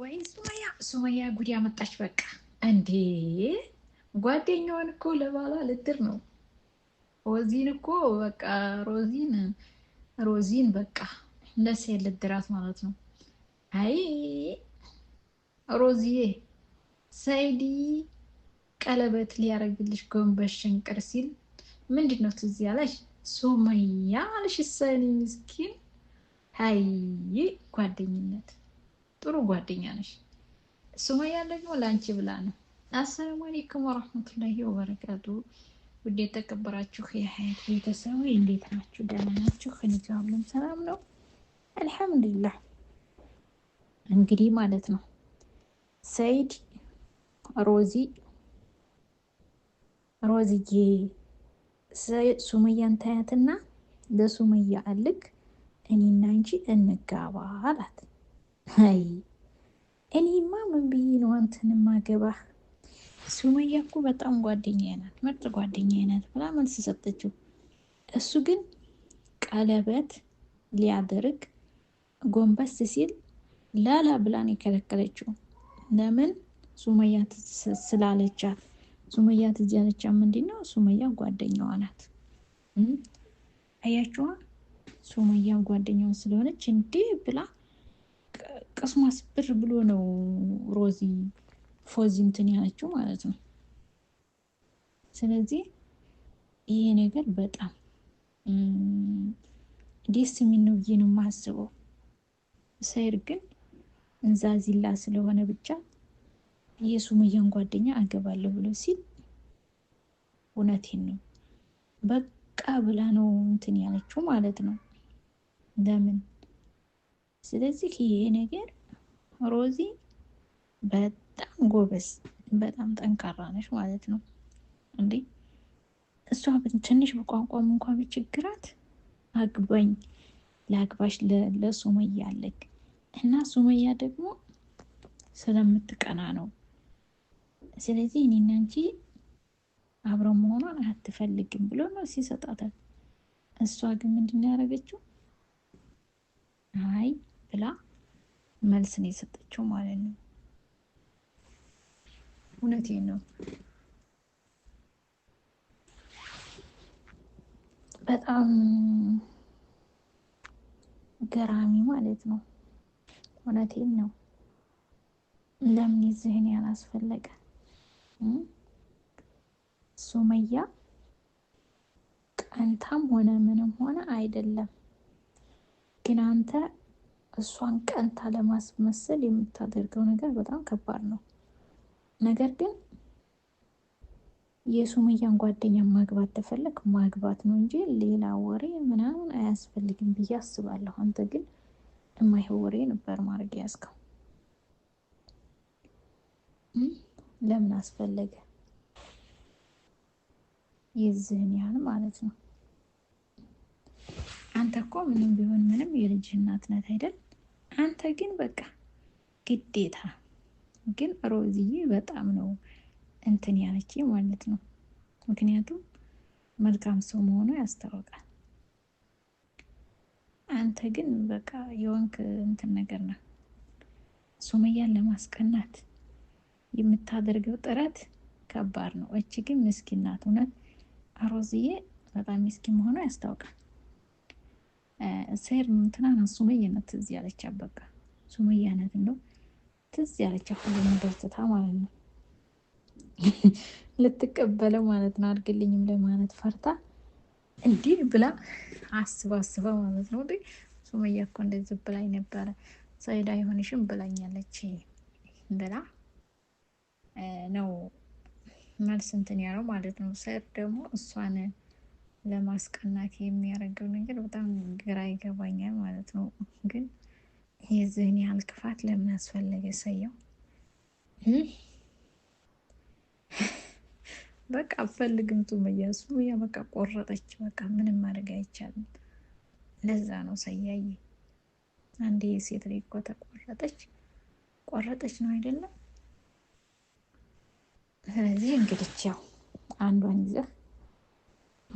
ወይ ሱመያ ሱመያ ጉድ ያመጣች በቃ እንዴ ጓደኛዋን እኮ ለባሏ ልድር ነው ሮዚን እኮ በቃ ሮዚን ሮዚን በቃ ለስ ልድራት ማለት ነው አይ ሮዚዬ ሰይዲ ቀለበት ሊያደርግልሽ ጎንበስ ሸንቀር ሲል ምንድን ነው ትዝ ያለሽ ሱመያ አልሽ ሰኒ ምስኪን አይ ጓደኝነት ጥሩ ጓደኛ ነሽ። ሱመያ ደግሞ ለአንቺ ብላ ነው። አሰላሙ አለይኩም ወራህመቱላሂ ወበረካቱ። ውድ የተከበራችሁ የሀያት ቤተሰብ እንዴት ናችሁ? ደህና ናችሁ? ከንጋ ሁሉም ሰላም ነው አልሐምዱሊላህ። እንግዲህ ማለት ነው ሰይድ ሮዚ ሮዚዬ ሱመያን ታያትና ለሱመያ አልክ እኔና እንጂ እንጋባ አላት። አይ እኔማ ምን ብዬ ነው አንተን ማገባ ሱመያ እኮ በጣም ጓደኛ ናት፣ ምርጥ ጓደኛ ናት ብላ መልስ ሰጠችው። እሱ ግን ቀለበት ሊያደርግ ጎንበስ ሲል ላላ ብላን የከለከለችው ለምን? ሱመያ ስላለቻት። ሱመያ ትዝ ያለቻት ምንድን ነው? ሱመያ ጓደኛዋ ናት። አያችዋ፣ ሱመያ ጓደኛዋ ስለሆነች እንዲህ ብላ ቅስሙ አስብር ብሎ ነው ሮዚ ፎዚ እንትን ያለችው ማለት ነው። ስለዚህ ይሄ ነገር በጣም ደስ የሚል ነው ብዬ ነው የማስበው። ሰይር ግን እንዛዚላ ስለሆነ ብቻ የሱመያን ጓደኛ አገባለሁ ብሎ ሲል እውነቴን ነው በቃ ብላ ነው እንትን ያለችው ማለት ነው ለምን ስለዚህ ይሄ ነገር ሮዚ በጣም ጎበዝ፣ በጣም ጠንካራ ነች ማለት ነው እንዴ። እሷ ትንሽ በቋንቋም እንኳ ቢቸግራት አግባኝ ለአግባሽ ለሱመያ አለግ እና ሱመያ ደግሞ ስለምትቀና ነው። ስለዚህ እኔና አንቺ አብረው መሆኗን አትፈልግም ብሎ ነው ሲሰጣታል። እሷ ግን ምንድን ያደረገችው መልስ ነው የሰጠችው ማለት ነው። እውነቴ ነው። በጣም ገራሚ ማለት ነው። እውነቴን ነው። ለምን ይዝህን ያላስፈለገ ሱመያ ቀንታም ሆነ ምንም ሆነ አይደለም ግን አንተ እሷን ቀንታ ለማስመሰል የምታደርገው ነገር በጣም ከባድ ነው። ነገር ግን የሱመያን ጓደኛ ማግባት ተፈለግ ማግባት ነው እንጂ ሌላ ወሬ ምናምን አያስፈልግም ብዬ አስባለሁ። አንተ ግን የማይሆን ወሬ ነበር ማድረግ ያዝከው። ለምን አስፈለገ? የዚህን ያህል ማለት ነው። አንተ እኮ ምንም ቢሆን ምንም የልጅ እናት ናት አይደል? ግን በቃ ግዴታ ግን ሮዝዬ በጣም ነው እንትን ያለች ማለት ነው። ምክንያቱም መልካም ሰው መሆኑ ያስታውቃል። አንተ ግን በቃ የወንክ እንትን ነገር ነው። ሱመያን ለማስቀናት የምታደርገው ጥረት ከባድ ነው። እች ግን ምስኪን ናት። እውነት በጣም ምስኪን መሆኑ ያስታውቃል። ሴር ምንትናን ሱመያ ናት እዚህ ያለች በቃ ሱመያ ናት። እንደው ትዝ ያለች ሁሉም ማለት ነው። ልትቀበለው ማለት ነው አድርግልኝም ለማለት ፈርታ እንዲህ ብላ አስባ አስባ ማለት ነው። እንዴ ሱመያ እኮ እንደዚ ብላኝ ነበረ ሰይድ አይሆንሽም ብላኛለች ብላ ነው መልስ እንትን ያለው ማለት ነው። ሰይድ ደግሞ እሷን ለማስቀናት የሚያደርገው ነገር በጣም ግራ ይገባኛል ማለት ነው ግን የዚህን ያህል ክፋት ለምን አስፈለገ? ሰየው በቃ አፈልግም። ሱመያ ሱመያ በቃ ቆረጠች። በቃ ምንም ማድረግ አይቻልም። ለዛ ነው ሰያይ አንዴ የሴት ልጅ እኮ ተቆረጠች ቆረጠች ነው አይደለም። ስለዚህ እንግዲህ ያው አንዷን ይዘህ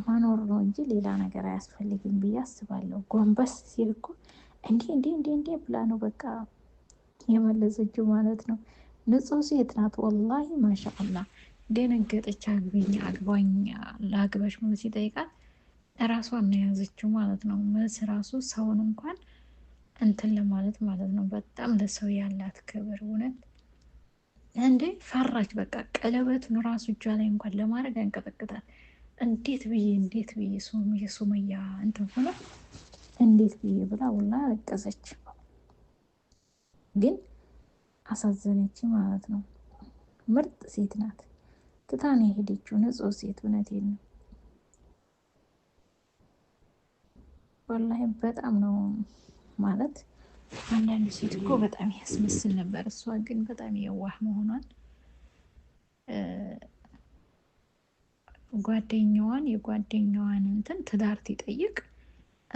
መኖር ነው እንጂ ሌላ ነገር አያስፈልግም ብዬ አስባለሁ። ጎንበስ ሲል እኮ እንዲህ እንዲህ እንዲህ እንዲህ ብላ ነው በቃ የመለሰችው ማለት ነው። ንጹህ ሴት ናት ወላሂ ማሻአላ። ደነገጠች። አግቢኝ አግባኝ ለአግባሽ ሞ ሲጠይቃት ራሷን ነው የያዘችው ማለት ነው። መልስ ራሱ ሰውን እንኳን እንትን ለማለት ማለት ነው። በጣም ለሰው ያላት ክብር እውነት እንዴ ፈራች። በቃ ቀለበቱን ራሱ እጇ ላይ እንኳን ለማድረግ ያንቀጠቅጣል። እንዴት ብዬ እንዴት ብዬ ሱመያ እንትን ሆነ እንዴት ብዬ ብላ ቡና ለቀሰች ግን አሳዘነች ማለት ነው። ምርጥ ሴት ናት። ትታን የሄደችው ንጹህ ሴት እውነቴን ነው። ወላሂ በጣም ነው ማለት አንዳንድ ሴት እኮ በጣም ያስመስል ነበር። እሷ ግን በጣም የዋህ መሆኗን ጓደኛዋን የጓደኛዋን እንትን ትዳር ትጠይቅ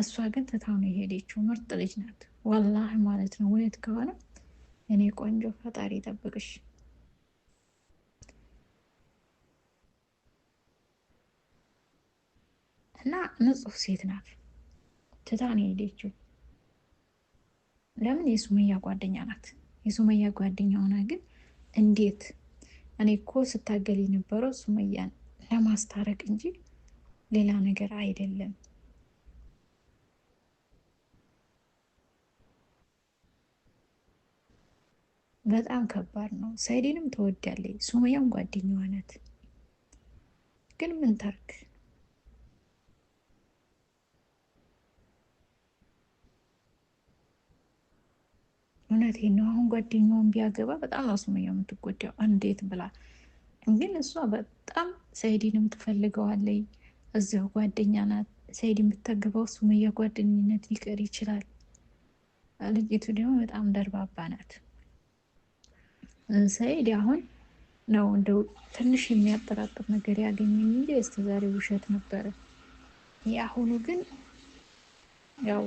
እሷ ግን ትታው ነው የሄደችው። ምርጥ ልጅ ናት ወላሂ ማለት ነው። እውነት ከሆነ እኔ ቆንጆ ፈጣሪ ጠብቅሽ። እና ንጹህ ሴት ናት። ትታን የሄደችው። ለምን የሱመያ ጓደኛ ናት። የሱመያ ጓደኛ ሆና ግን እንዴት እኔ እኮ ስታገል የነበረው ሱመያን ለማስታረቅ እንጂ ሌላ ነገር አይደለም። በጣም ከባድ ነው። ሳይዲንም ተወዳለች፣ ሱመያም ጓደኛዋ ናት። ግን ምን ታርክ? እውነቴ ነው። አሁን ጓደኛውን ቢያገባ በጣም ነው የምትጎዳው። እንዴት ብላ ግን እሷ በጣም ሰይድንም የምትፈልገዋለይ እዚያው ጓደኛ ናት። ሰይድ የምታገባው ሱመያ ጓደኝነት ሊቀር ይችላል። ልጅቱ ደግሞ በጣም ደርባባ ናት። ሰኢድ አሁን ነው እንደው ትንሽ የሚያጠራጥር ነገር ያገኘኝ እንጂ የስተዛሬ ውሸት ነበረ። የአሁኑ ግን ያው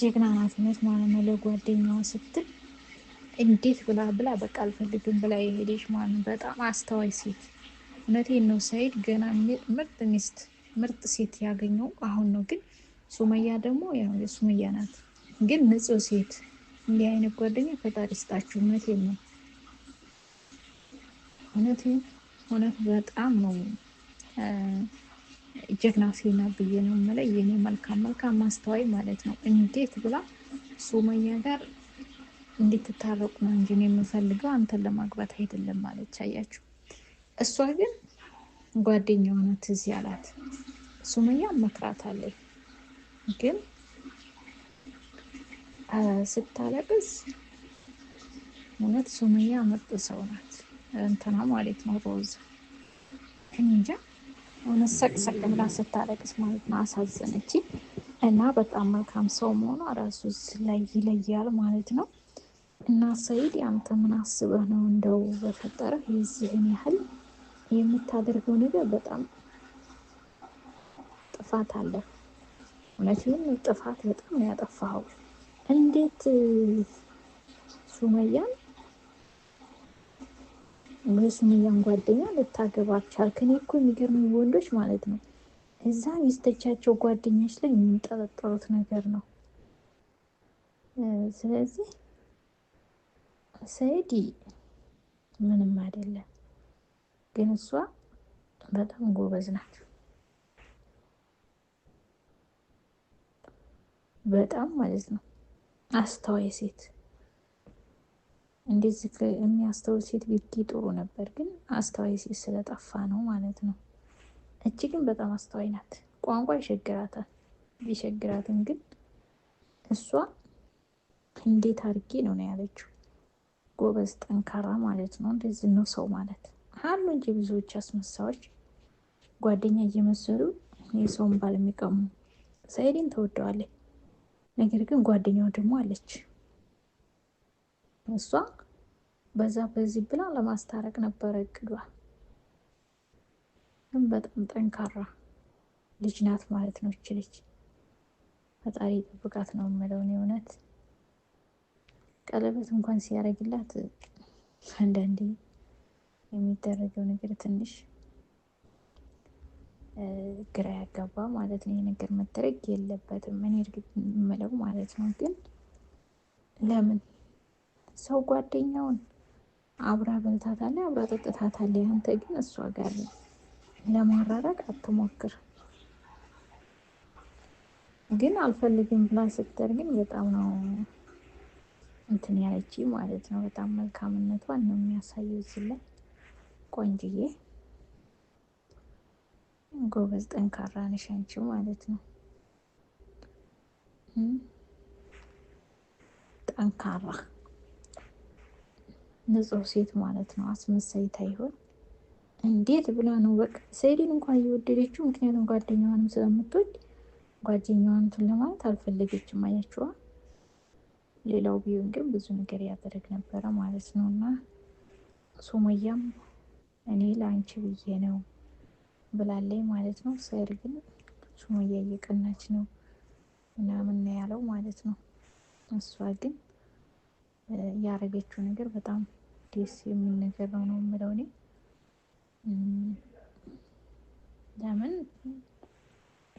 ጀግና ናትነት ማለት ነው። ለጓደኛዋ ስትል እንዴት ብላ ብላ በቃ አልፈልግም ብላ የሄደች ማለት ነው። በጣም አስተዋይ ሴት እውነቴን ነው። ሰኢድ ገና ምርጥ ሚስት ምርጥ ሴት ያገኘው አሁን ነው። ግን ሱመያ ደግሞ ያው የሱመያ ናት ግን ንጹህ ሴት እንዲህ አይነት ጓደኛ ፈጣሪ ስጣችሁ። እውነቴን ነው፣ እውነቴን እውነት በጣም ነው ጀግና ሴና ብዬ ነው የምለው። የኔ መልካም መልካም ማስተዋይ ማለት ነው። እንዴት ብላ ሱመያ ጋር እንድትታረቁ ነው እንጂ የምፈልገው አንተን ለማግባት አይደለም ማለች። አያችሁ፣ እሷ ግን ጓደኛዋ ናት። እዚህ አላት ሱመያ መክራት አለኝ ግን ስታለቅስ እውነት ሱምያ ምርጥ ሰው ናት። እንትና ማለት ነው ሮዝ እንጃ እውነት ሰቅሰቅ ብላ ስታለቅስ ማለት ነው አሳዘነች። እና በጣም መልካም ሰው መሆኗ ራሱ ላይ ይለያል ማለት ነው። እና ሰይድ አንተ ምን አስበህ ነው እንደው በፈጠረ የዚህን ያህል የምታደርገው ነገር በጣም ጥፋት አለ። እውነትም ጥፋት በጣም ያጠፋኸው እንዴት ሱመያን የሱመያን ጓደኛ ልታገባ ቻልክ? እኔ እኮ የሚገርሙ ወንዶች ማለት ነው እዛ ሚስተቻቸው ጓደኞች ላይ የሚንጠረጠሩት ነገር ነው። ስለዚህ ሰይዲ ምንም አይደለም፣ ግን እሷ በጣም ጎበዝ ናት። በጣም ማለት ነው አስተዋይ ሴት እንደዚህ የሚያስተውል ሴት ቢገኝ ጥሩ ነበር፣ ግን አስተዋይ ሴት ስለጠፋ ነው ማለት ነው። እጅግን ግን በጣም አስተዋይ ናት። ቋንቋ ይሸግራታል። ቢሸግራትም ግን እሷ እንዴት አድርጌ ነው ነው ያለችው። ጎበዝ፣ ጠንካራ ማለት ነው። እንደዚህ ነው ሰው ማለት አሉ እንጂ ብዙዎች አስመሳዎች ጓደኛ እየመሰሉ የሰውን ባል የሚቀሙ። ሰኢድን ተወደዋለች። ነገር ግን ጓደኛዋ ደግሞ አለች። እሷ በዛ በዚህ ብላ ለማስታረቅ ነበረ እቅዷ። ግን በጣም ጠንካራ ልጅ ናት ማለት ነው። እች ልጅ ፈጣሪ ጥብቃት ነው የምለው እውነት። ቀለበት እንኳን ሲያደርግላት አንዳንዴ የሚደረገው ነገር ትንሽ ግራ ያጋባ ማለት ነው። ይህ ነገር መደረግ የለበትም እኔ እርግጥ የምለው ማለት ነው። ግን ለምን ሰው ጓደኛውን አብራ ብልታታለ አብራ ጠጥታታለ። አንተ ግን እሷ ጋር ለማራራቅ አትሞክር። ግን አልፈልግም ብላ ስትር ግን በጣም ነው እንትን ያለች ማለት ነው። በጣም መልካምነቷን ነው የሚያሳየው። እዚህ ላይ ቆንጅዬ ጎበዝ ጠንካራ ነሽ አንቺ ማለት ነው። ጠንካራ ንጹህ ሴት ማለት ነው። አስመሳይታ ይሆን እንዴት ብላ ነው በቃ ሰይድን እንኳን እየወደደችው፣ ምክንያቱም ጓደኛዋንም ስለምትወድ ጓደኛዋን ለማለት አልፈለገችም። አያችዋ። ሌላው ቢሆን ግን ብዙ ነገር ያደረግ ነበረ ማለት ነው። እና ሱመያም እኔ ለአንቺ ብዬ ነው ብላለይ ማለት ነው። ስዕል ግን ሱመያ እየቀናች ነው ምናምን ነው ያለው ማለት ነው። እሷ ግን ያረገችው ነገር በጣም ደስ የሚል ነገር ነው ነው የምለው እኔ ለምን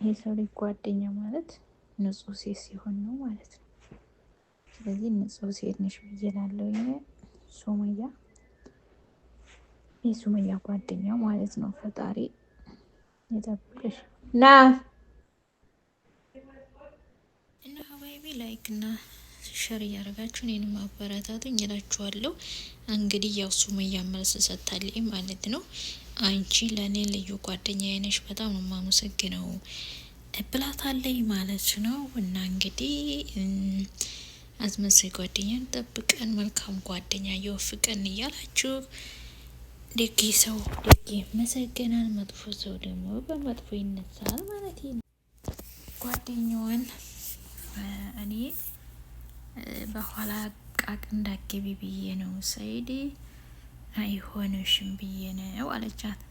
ይሄ ሰው ልጅ ጓደኛ ማለት ንጹህ ሴት ሲሆን ነው ማለት ነው። ስለዚህ ንጹህ ሴት ነሽ ብዬ እላለሁ ሱመያ የሱመያ ጓደኛ ማለት ነው ፈጣሪ ይጠብቅሽ ና እና ሀባይቢ ላይክ እና ሸር እያደረጋችሁ እኔንም አበረታቱኝ እላችኋለሁ። እንግዲህ ያው ሱመያ መልስ ሰጥታለች ማለት ነው። አንቺ ለእኔ ልዩ ጓደኛዬ ነሽ፣ በጣም ነው የማመሰግነው ብላታለች ማለት ነው። እና እንግዲህ አስመሳይ ጓደኛን ጠብቀን መልካም ጓደኛ የወፍቀን እያላችሁ ደግ ሰው ደግ መሰገናል፣ መጥፎ ሰው ደግሞ በመጥፎ ይነሳል ማለት ነው። ጓደኛዋን እኔ በኋላ ቃቅ እንዳገቢ ብዬ ነው ሰይድ አይሆንሽም ብዬ ነው አለቻት።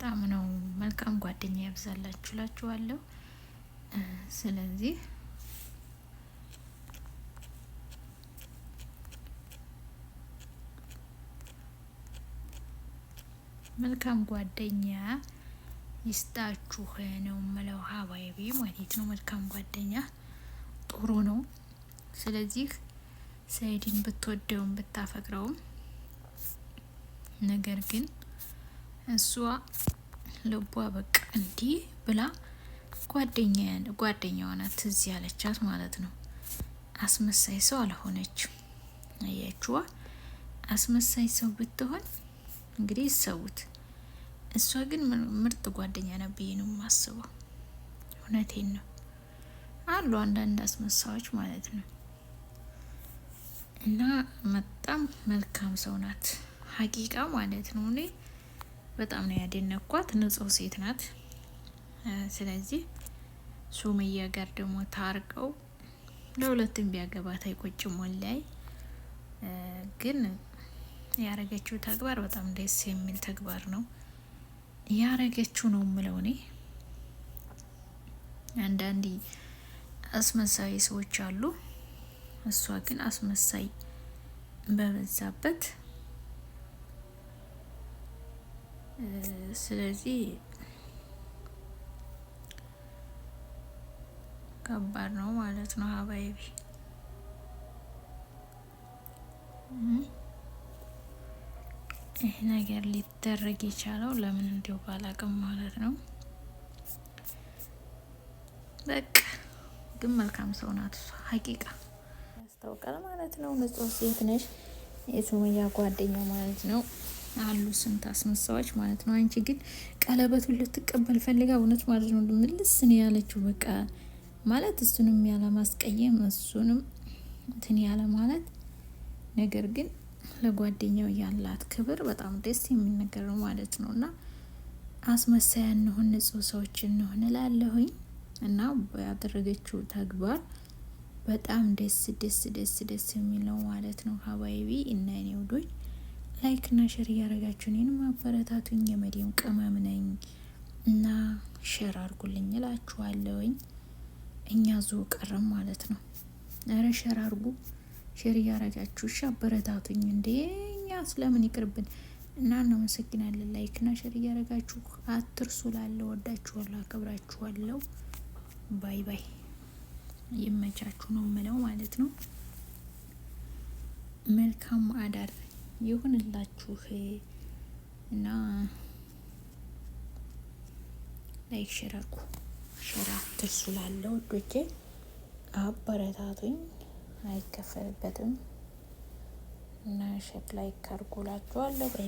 በጣም ነው መልካም ጓደኛ ያብዛላችሁ ላችኋለሁ። ስለዚህ መልካም ጓደኛ ይስጣችሁ ነው የምለው። ሀባይቢ ማለት ነው መልካም ጓደኛ ጥሩ ነው። ስለዚህ ሰኢድን ብትወደውም ብታፈቅረውም ነገር ግን እሷ ልቧ በቃ እንዲህ ብላ ጓደኛዋ ናት ትዝ ያለቻት ማለት ነው። አስመሳይ ሰው አልሆነችም። አያችዋ አስመሳይ ሰው ብትሆን እንግዲህ ይሰውት። እሷ ግን ምርጥ ጓደኛ ነው ብዬ ነው የማስበው። እውነቴን ነው አሉ አንዳንድ አስመሳዎች ማለት ነው። እና በጣም መልካም ሰው ናት ሀቂቃ ማለት ነው እኔ በጣም ነው ያደነኳት። ንጹህ ሴት ናት። ስለዚህ ሱመያ ጋር ደግሞ ታርቀው ለሁለትም ቢያገባት አይቆጭም። ወላሂ ግን ያረገችው ተግባር በጣም ደስ የሚል ተግባር ነው ያረገችው ነው ምለው እኔ። አንዳንድ አስመሳይ ሰዎች አሉ። እሷ ግን አስመሳይ በበዛበት ስለዚህ ከባድ ነው ማለት ነው ሀባይቢ ይህ ነገር ሊደረግ የቻለው ለምን እንዲሁ ባላቅም ማለት ነው። በቃ ግን መልካም ሰው ናት እሷ ሀቂቃ ያስታውቃል ማለት ነው። ንጹህ ሴት ነሽ የሱመያ ጓደኛው ማለት ነው። አሉ ስንት አስመሳዎች ማለት ነው። አንቺ ግን ቀለበቱን ልትቀበል ፈልጋ እውነት ማለት ነው ነው ያለችው በቃ ማለት እሱንም ያለ ማስቀየም እሱንም እንትን ያለ ማለት ነገር ግን ለጓደኛው ያላት ክብር በጣም ደስ የሚል ነገር ነው ማለት ነው። እና አስመሳያ እንሆን ንጹህ ሰዎች እንሆን እላለሁኝ። እና ያደረገችው ተግባር በጣም ደስ ደስ ደስ ደስ የሚለው ማለት ነው። ሀባይቢ እና ኔ ውዶች ላይክ እና ሸር እያደረጋችሁ እኔን ማበረታቱኝ የመዲም ቅመም ነኝ እና ሸር አርጉልኝ እላችኋለሁኝ። እኛ ዙ ቀረም ማለት ነው። ኧረ ሸር አርጉ፣ ሸር እያደረጋችሁ እሺ፣ አበረታቱኝ። እንዴ እኛ ስለምን ይቅርብን እና እናመሰግናለን። ላይክ እና ሸር እያደረጋችሁ አትርሱ። ላለ ወዳችኋለሁ፣ አከብራችኋለሁ። ባይ ባይ። ይመቻችሁ ነው ምለው ማለት ነው። መልካም አዳር ይሁንላችሁ እና ላይክ ሼር አድርጉ። ሼር አትርሱ። ላለው ወዶቼ አበረታቱኝ፣ አይከፈልበትም እና ሼር ላይክ